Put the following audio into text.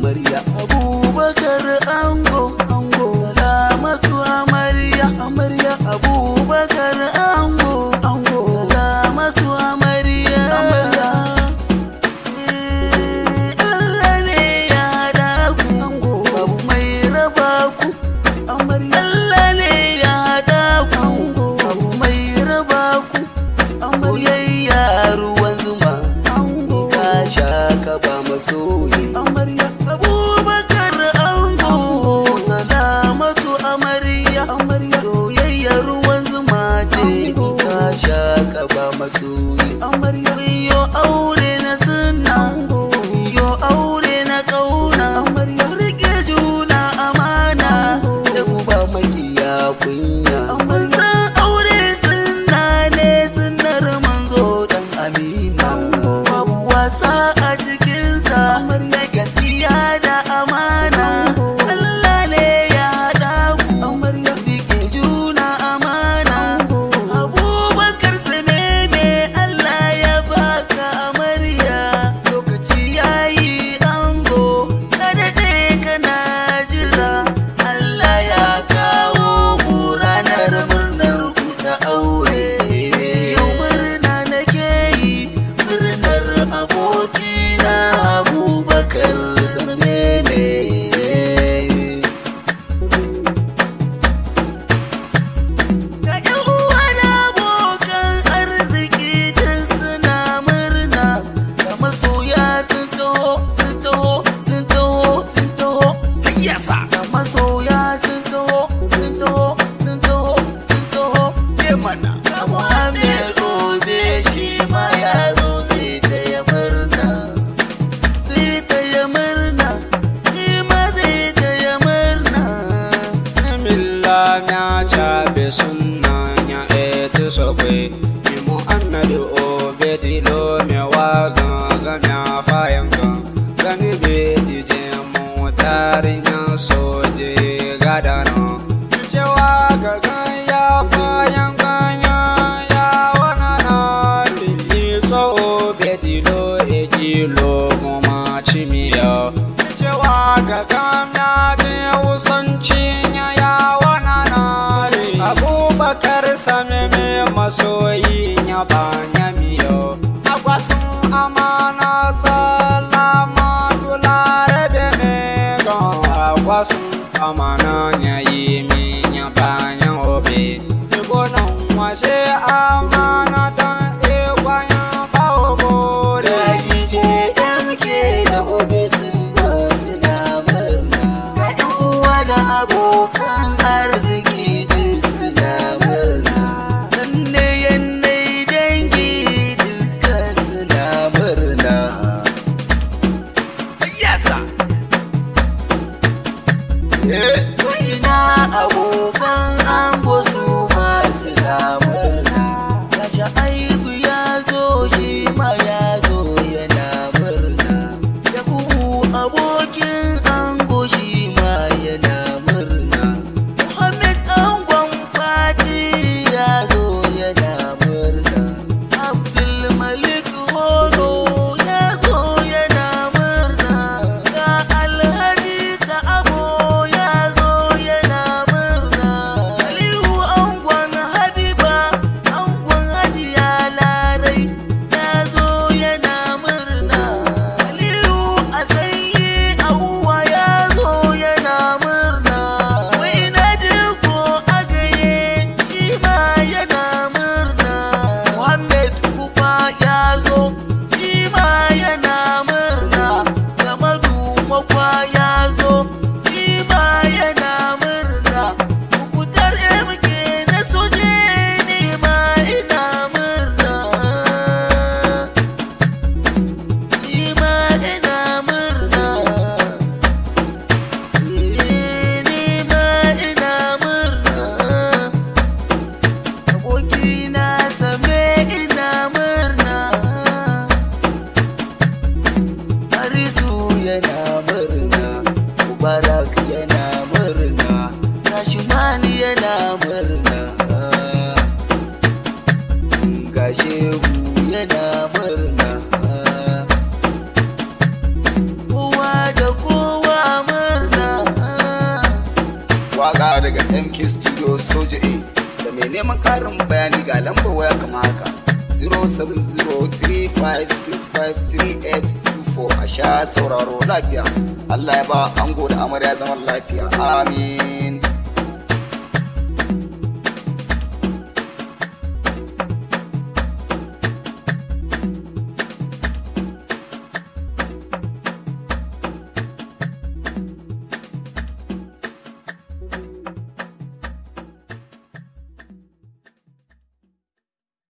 Maria mana nya yi mi nya pa nya obe. Yuko no wa she amana tan Eh. Ina abokan an daga MK Studio Soja A da mai neman karin bayani ga lamba waya kama haka 0703565384 a sha sauraro lafiya Allah ya ba ango da amarya zaman lafiya amin